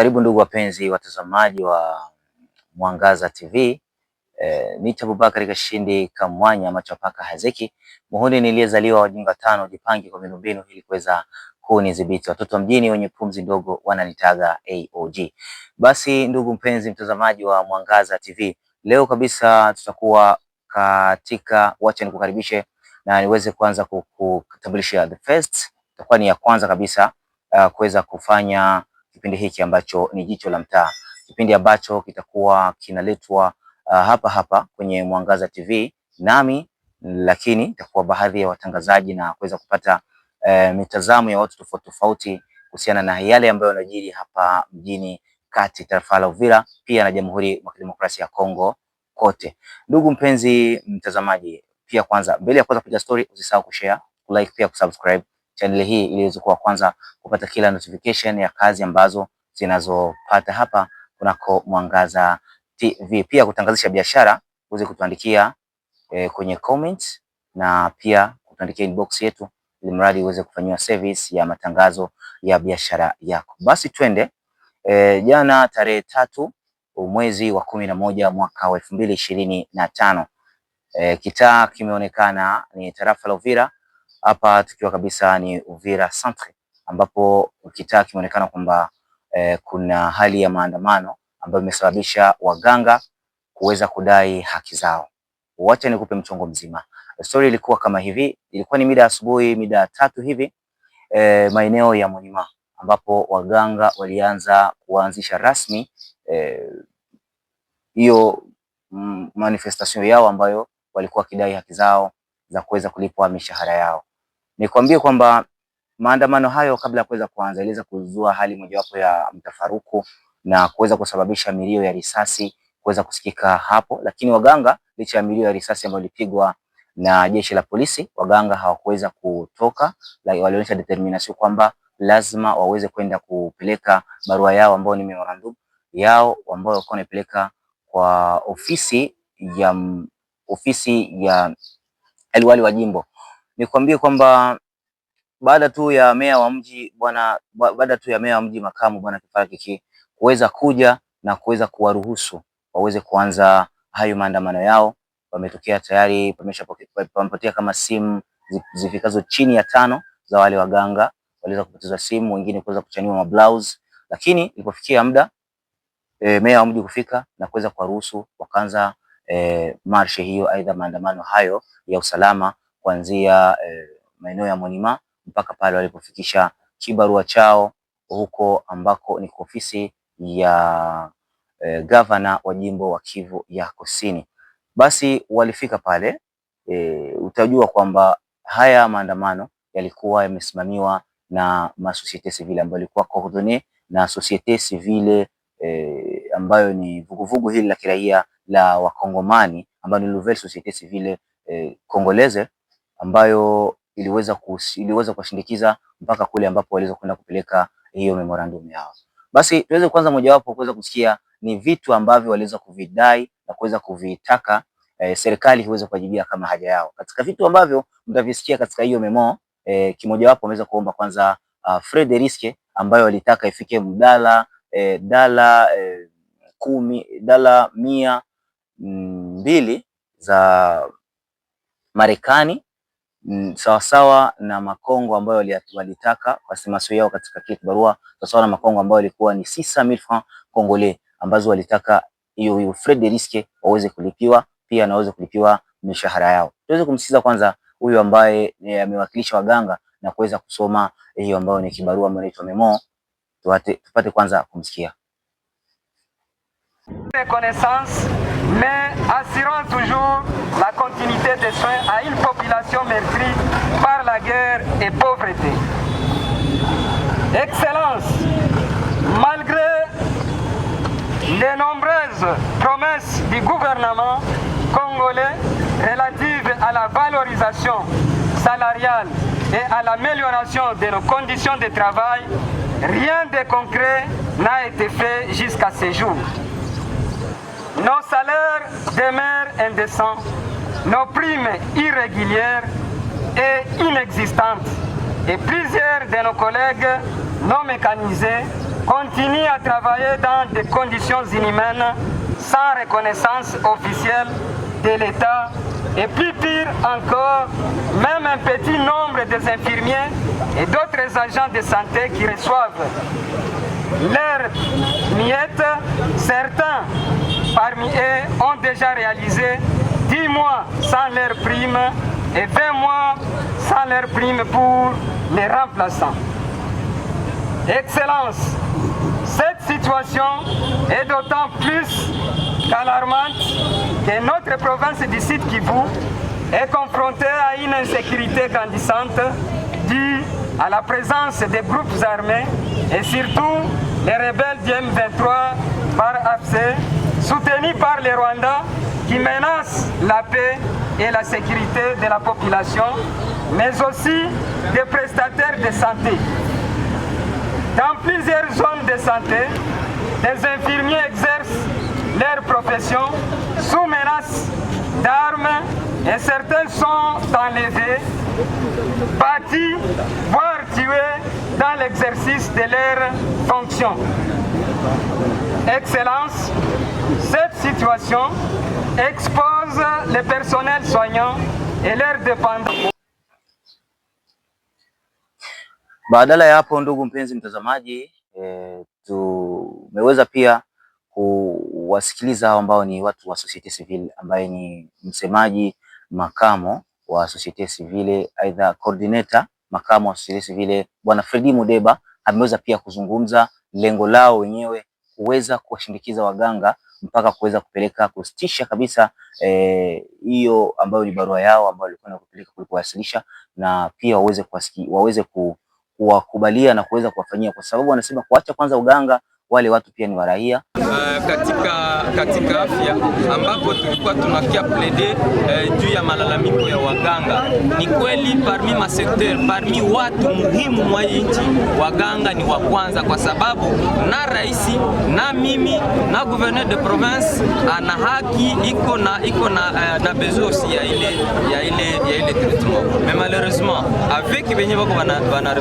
Karibu ndugu wapenzi watazamaji wa Mwangaza TV. E, eh, Micha Abubakar Kashindi Kamwanya Machapaka Haziki muhuni niliyezaliwa wajinga tano jipangi kwa minumbinu ili kuweza kunidhibiti watoto mjini wenye pumzi ndogo wananitaga AOG. Basi ndugu mpenzi mtazamaji wa Mwangaza TV, leo kabisa tutakuwa katika, wacha nikukaribishe na niweze kuanza kukutambulisha the first, itakuwa ni ya kwanza kabisa uh, kuweza kufanya kipindi hiki ambacho ni Jicho la Mtaa, kipindi ambacho kitakuwa kinaletwa uh, hapa hapa kwenye Mwangaza TV nami, lakini itakuwa baadhi ya watangazaji na kuweza kupata uh, mitazamo ya watu tofauti tofauti kuhusiana na yale ambayo yanajiri hapa mjini kati tarafa la Uvira pia na Jamhuri ya Kidemokrasia ya Kongo kote. Ndugu mpenzi mtazamaji, pia kwanza, mbele ya kwanza kupiga story, usisahau kushare, like pia kusubscribe channel hii ili uweze kuwa kwanza kupata kila notification ya kazi ambazo zinazopata hapa kunako Mwangaza TV. Pia kutangazisha biashara uweze kutuandikia eh, kwenye comment na pia kutuandikia inbox yetu ili mradi uweze kufanyiwa service ya matangazo ya biashara yako. Basi twende e, jana tarehe tatu mwezi wa kumi na moja mwaka wa elfu mbili ishirini na tano e, kitaa kimeonekana ni tarafa la Uvira hapa tukiwa kabisa ni Uvira Centre ambapo ukitaka kimeonekana kwamba eh, kuna hali ya maandamano ambayo imesababisha waganga kuweza kudai haki zao. Wacha nikupe mchongo mzima. Story ilikuwa kama hivi, ilikuwa ni mida asubuhi, mida tatu hivi eh, maeneo ya Monima ambapo waganga walianza kuanzisha rasmi eh, hiyo eh, manifestation yao ambayo walikuwa wakidai haki zao za kuweza kulipwa mishahara yao. Nikwambie kwamba maandamano hayo kabla ya kuweza kuanza iliweza kuzua hali mojawapo ya mtafaruku na kuweza kusababisha milio ya risasi kuweza kusikika hapo, lakini waganga, licha ya milio ya risasi ambayo ilipigwa na jeshi la polisi, waganga hawakuweza kutoka. Walionyesha determination kwamba lazima waweze kwenda kupeleka barua yao ambayo ni memorandum yao ambayo walikuwa wamepeleka kwa ofisi ya ofisi ya aliwali yaani wa jimbo Nikwambie kwamba baada tu ya meya wa mji bwana, baada tu ya meya wa mji makamu bwana Kifara Kiki kuweza kuja na kuweza kuwaruhusu waweze kuanza hayo maandamano yao, wametokea tayari, pamepatia kama simu zifikazo chini ya tano za wale waganga waliweza kupoteza simu, wengine kuweza kuchaniwa mablouse, lakini ilipofikia muda e, meya wa mji kufika na kuweza kuwaruhusu wakaanza e, marshe hiyo, aidha maandamano hayo ya usalama kuanzia eh, maeneo ya Monima mpaka pale walipofikisha kibarua chao huko ambako ni ofisi ya eh, gavana wa jimbo wa Kivu ya Kusini. Basi walifika pale eh, utajua kwamba haya maandamano yalikuwa yamesimamiwa na ma societe civile ambayo ilikuwa coordonne na societe civile eh, ambayo ni vuguvugu hili la kiraia la Wakongomani ambayo ni Nouvelle Société Civile eh, Congolaise ambayo iliweza kus, iliweza kuwashindikiza mpaka kule ambapo waliweza kwenda kupeleka hiyo memorandum yao. Basi tuweze kwanza mojawapo kuweza kusikia ni vitu ambavyo waliweza kuvidai na kuweza kuvitaka eh, serikali iweze kuwajibia kama haja yao. Katika vitu ambavyo mtavisikia katika hiyo memo eh, kimojawapo wameweza kuomba kwanza uh, ah, Frederiske ambayo walitaka ifike mdala eh, dala eh, kumi dala mia mm, mbili za Marekani sawasawa mm, na makongo ambayo walitaka kwa wasemasi yao katika kile kibarua, sawasawa na makongo ambayo ilikuwa ni 600000 francs congolais ambazo walitaka hiyo hiyo Fred Riske waweze kulipiwa pia na waweze kulipiwa mishahara yao. Tuweze kumsikiza kwanza huyu ambaye eh, amewakilisha waganga na kuweza kusoma hiyo ambayo ni kibarua ambayo inaitwa memo. Tuwate, tupate kwanza kumsikia connaissance mais assurant toujours la continuité des soins à une population meurtrie par la guerre et pauvreté. Excellence, malgré les nombreuses promesses du gouvernement congolais relatives à la valorisation salariale et à l'amélioration de nos conditions de travail, rien de concret n'a été fait jusqu'à ce jour. Nos salaires demeurent indécents, nos primes irrégulières et inexistantes. Et plusieurs de nos collègues non mécanisés continuent à travailler dans des conditions inhumaines sans reconnaissance officielle de l'État. Et plus pire encore, même un petit nombre des infirmiers et d'autres agents de santé qui reçoivent leur miettes, certains parmi eux ont déjà réalisé 10 mois sans leur prime et 20 mois sans leur prime pour les remplaçants. Excellence, cette situation est d'autant plus alarmante que notre province du site Kivu est confrontée à une insécurité grandissante due à la présence des groupes armés et surtout les rebelles du M23 par AFC soutenu par les Rwandais qui menacent la paix et la sécurité de la population, mais aussi des prestataires de santé. Dans plusieurs zones de santé, des infirmiers exercent leur profession sous menace d'armes et certains sont enlevés, bâtis, voire tués dans l'exercice de leurs fonctions. Excellence, cette situation expose les personnels soignants et leurs dépendants. Badala ya hapo, ndugu mpenzi mtazamaji, e, tumeweza pia kuwasikiliza hao ambao ni watu wa society Civile ambaye ni msemaji makamo wa society Civile, aidha coordinator makamo wa society Civile, bwana Fredi Mudeba ameweza pia kuzungumza lengo lao wenyewe kuweza kuwashindikiza waganga mpaka kuweza kupeleka kusitisha kabisa eh, hiyo e, ambayo ni barua yao ambayo walikuwa nakupeleka kuwasilisha, na pia waweze kuwasiki, waweze kuwakubalia na kuweza kuwafanyia, kwa sababu wanasema kuacha kwanza uganga, wale watu pia ni waraia uh, eh, katika katika afya, ambapo tulikuwa tunakia plede eh, juu ya malalamiko ya waganga. Ni kweli parmi masekter, parmi watu muhimu mwa nchi, waganga ni wa kwanza, kwa sababu na rais na mimi na gouverneur de province ana haki iko na iko na uh, na bezosi ya ile ya ile ya ile treatment mais malheureusement avec venye bako bana bana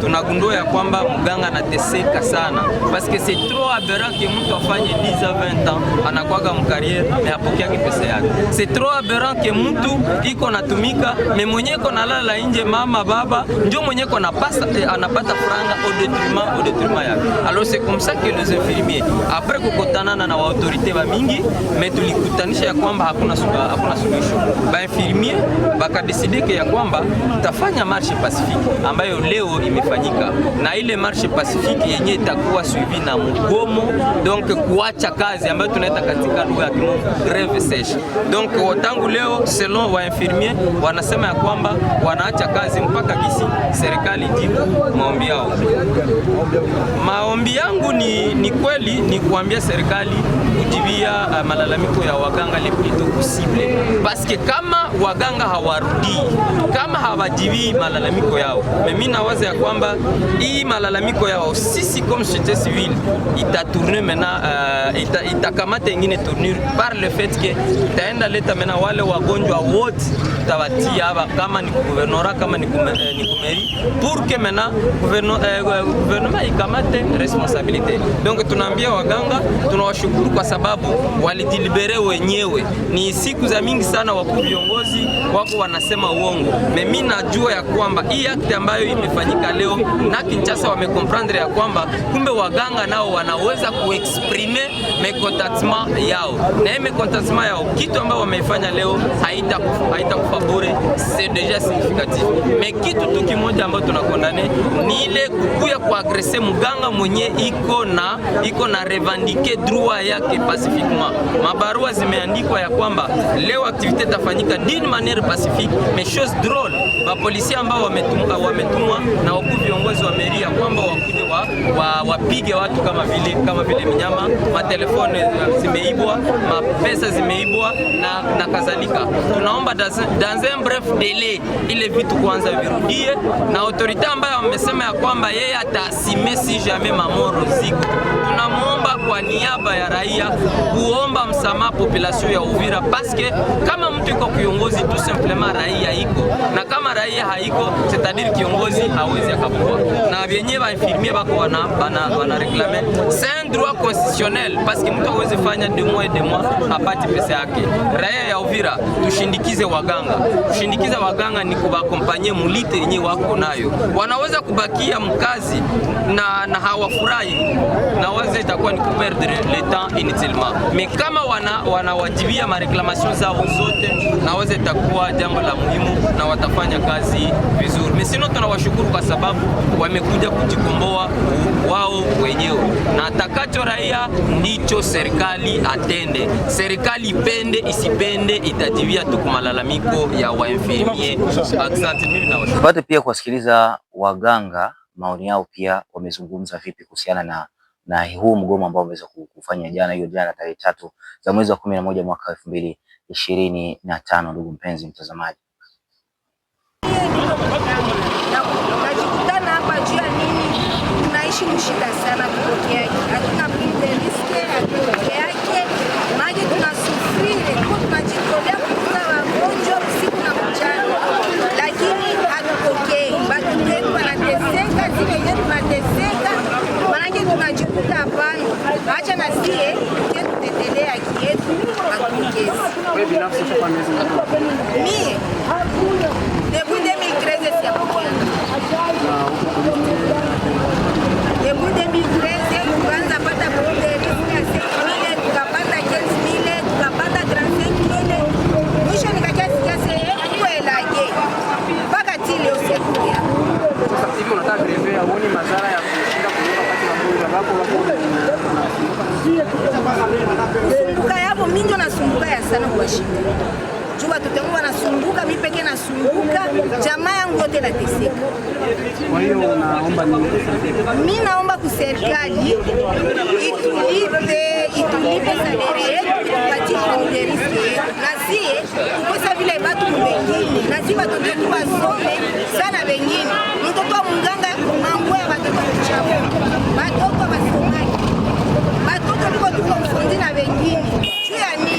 tunagundua ya kwamba mganga anateseka sana parce que c'est trop aberrant que mtu afanye 10 à 20 20 ans anakuwaga mkariere na apokea kipesa yake. C'est trop aberrant que mtu iko natumika me mwenye iko nalala nje, mama baba njo mwenye iko napasa eh, anapata franga au detriment au detriment yake. Alors c'est comme ça que les infirmiers après kukotanana na autorité ba mingi mais tulikutanisha ya kwamba hakuna suba, hakuna suluhisho. Ba infirmier bakadesideke ya kwamba tafanya marche pacifique ambayo leo imefanyika na ile marche pacifique yenye itakuwa suivi na mgomo donc kuacha kazi kazi ambayo tunaita katika lugha ya kimombo grave sèche. Donc tangu leo selon wa infirmier wanasema ya kwamba wanaacha kazi mpaka kisi serikali jibu maombi yao. Maombi yangu ni, ni kweli ni kuambia serikali kujibia uh, ah, malalamiko ya waganga le plutôt possible paske kama waganga hawarudi kama hawajibii malalamiko yao, mimi nawaza ya kwamba hii malalamiko yao sisi comme société civile itatourne mena uh, ah, ita, itakamata ingine tournure par le fait que itaenda leta mena wale wagonjwa wote tawatia hapa, kama ni guvernora kama ni kumeri eh, pour que mena eh, gouvernement ikamate responsabilité. Donc tunaambia waganga tunawashukuru kwa sababu walidilibere wenyewe. Ni siku za mingi sana wakuu viongozi wako wanasema uongo. Mimi najua ya kwamba hii akte ambayo imefanyika leo na Kinshasa wamekomprendre ya kwamba kumbe waganga nao wanaweza kuexprime mekotatima yao, na hii yao kitu ambayo wameifanya leo haitakufa haita bure, c'est deja significatif. Me kitu tu kimoja ambayo tunakondane ni ile kukuya kuagrese muganga mwenye iko na iko na revendike droit yake yake pacifiquement. Mabarua zimeandikwa ya kwamba leo activité tafanyika d'une manière pacifique, mais chose drôle, bapolisia ambao wametumwa wametumwa na wakuu viongozi wa meri ya kwamba wakuje wa, wa, wapige watu kama vile kama vile mnyama, matelefoni zimeibwa, mapesa zimeibwa na, na kadhalika. Tunaomba dans un bref délai ile vitu kwanza virudie, na autorité ambayo wamesema ya kwamba yeye ataasime si jamais mamoro ziko tunamuomba kwa niaba ya raia kuomba msamaha population ya Uvira, paske kama mtu iko kiongozi tu simplement raia iko, na kama raia haiko setadiri kiongozi hawezi akabua na vyenye vainfirmie bako wana, wana, wanareklame sen droit constitutionnel, paske mtu hawezi fanya de mois de mois apati pesa yake. Raia ya Uvira tushindikize waganga, tushindikize waganga ni kubakompanye mulite yenye wako nayo, wanaweza kubakia mkazi na, na hawafurahi na naweza itakuwa ni perdre le temps inutilement. Mais kama wanawajibia mareklamation zao zote, naweza itakuwa jambo la muhimu na watafanya kazi vizuri. Mesino tunawashukuru kwa sababu wamekuja kujikomboa wao wenyewe, na atakacho raia ndicho serikali atende. Serikali ipende isipende, itajibia tu malalamiko ya wainfirmie. Asante, mimi nawashukuru. Tupate pia kuwasikiliza waganga maoni yao, pia wamezungumza vipi kuhusiana na na huu mgomo ambao umeweza kufanya jana hiyo jana tarehe tatu za mwezi wa kumi na moja mwaka elfu mbili ishirini na tano. Ndugu mpenzi mtazamaji wewe binafsi ushakuwa miezi mingapi? Mimi depuis 2013 siapo huko kujitetea mimi ndio nasumbukaya sana kuwashinda juu watoto wangu wanasumbuka, mimi peke nasumbuka, jamaa yangu yote nateseka. Kwa hiyo unaomba Mimi naomba kuserikali itulipe, itulipe sadere yetu, itupatie mderisi yetu, na sie kukosa vile batu mvengine, na si watoto wetu wasome sana, wengine mtoto wa munganga tuko tuko mfunzi na wengine juu ya nini?